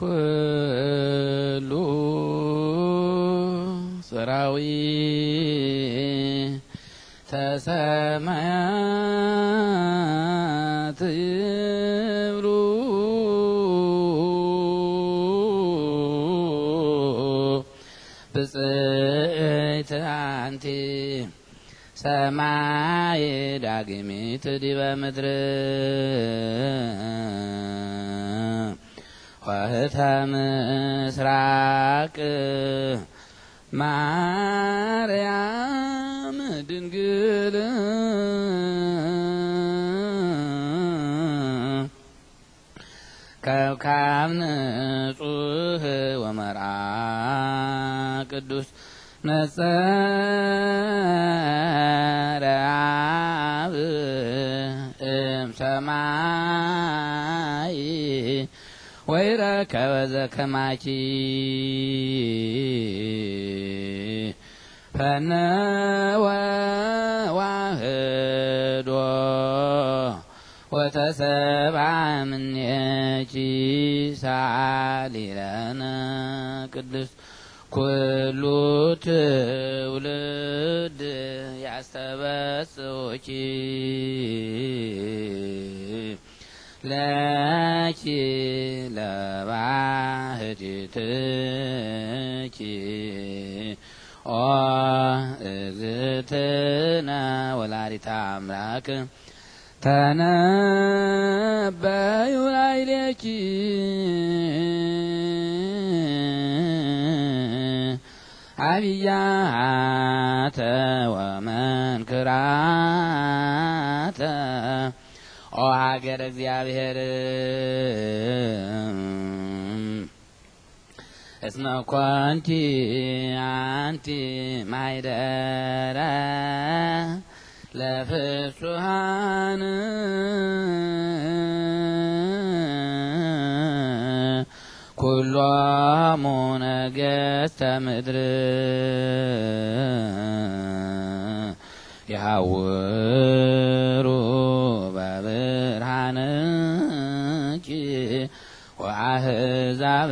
ኩሉ ጽራዊ ተሰማያት ይብሉ ብጽዕት አንቲ ሰማይ ዳግሚት ዲበ ምድር ዋህታ ምስራቅ ማርያም ድንግል ከብካብ ንጹህ ወመርአ ቅዱስ ነጸ ወይረ ከበዘ ከማቺ ፈነወ ዋህዶ ወተሰብአ እምኔኪ ሳሊለነ ቅድስት ኩሉ ትውልድ ያስተበጽኡኪ ለኪ ለባህቲትኪ ኦ እግዝእትነ ወላዲተ አምላክ ተነበዩ ላዕሌኪ አብያተ ወመንክራተ ኦ ሀገር እግዚአብሔር እስመ ኮንቲ አንቲ ማይደረ ለፍሱሃን ኩሎሙ ነገስተ ምድር የሃው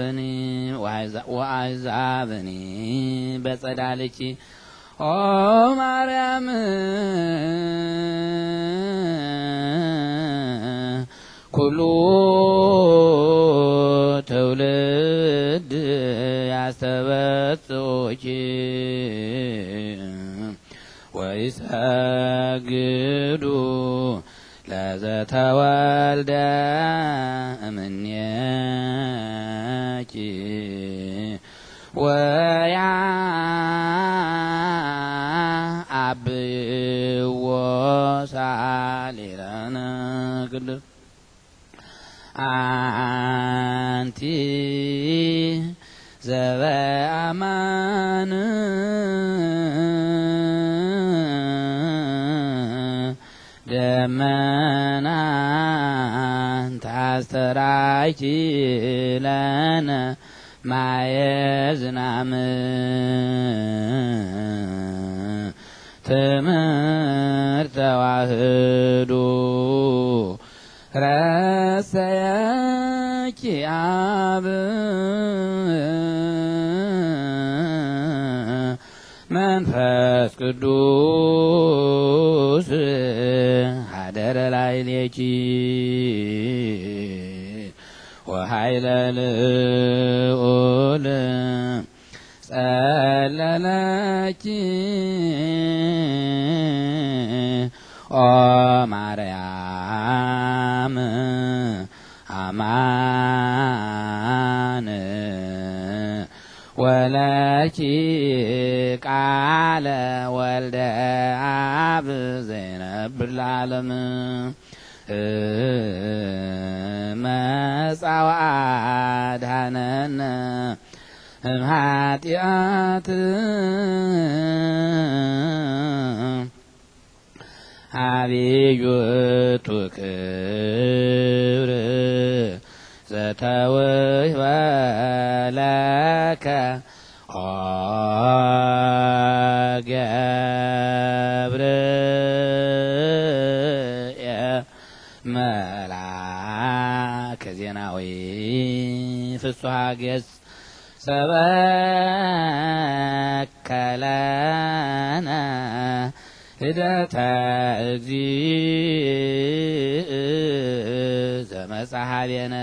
አሕዛብኒ ወአሕዛብኒ በጸዳልኪ ኦ ማርያም ኩሉ ትውልድ ያስተበጽኦኪ ወይሰግዱ ለዘተወልደ እምኔ ውጪ ወያ አብዎ ሳሌለነ ቅዱስ አንቲ ዘበአማን ደመና ታስተራይቺ ለነ ማየዝናም ትምህር ተዋህዶ ረሰየኪ አብ መንፈስ ቅዱስ ሀደረ ላዕሌኪ ኃይለ ልዑል ጸለለኪ ኦ ማርያም አማን ወለኪ ቃለ ወልደ አብ ዘይነብር ለዓለም መጻዋድሃነነ እምኃጢአት አብዩቱ ክብር ዘተወህበለከ ፍስሐ ገጽ ሰበከ ለነ ህደተ እግዚእ ዘመጽሐቤነ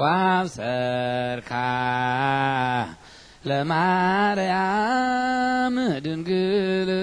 ወአብሰርካ ለማርያም ድንግል